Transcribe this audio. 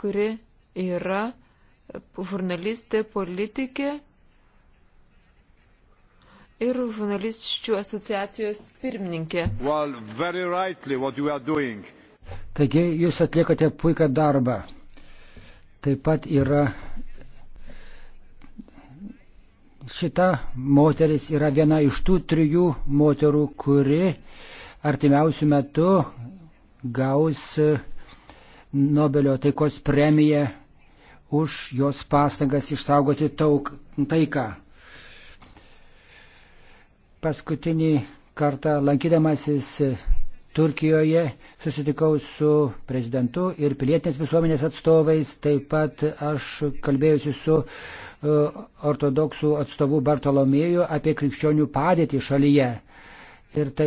kuri yra žurnalistė, politikė ir žurnalisčių asociacijos pirmininkė. Well, rightly, Taigi jūs atliekate puikią darbą. Taip pat yra šita moteris yra viena iš tų trijų moterų, kuri artimiausių metų gaus uh, Nobelio taikos premiją už jos pastangas išsaugoti tauk, taiką. Paskutinį kartą lankydamasis Turkijoje susitikau su prezidentu ir pilietinės visuomenės atstovais, taip pat aš kalbėjusi su e, ortodoksų atstovu Bartolomėju apie krikščionių padėtį šalyje. Ir tai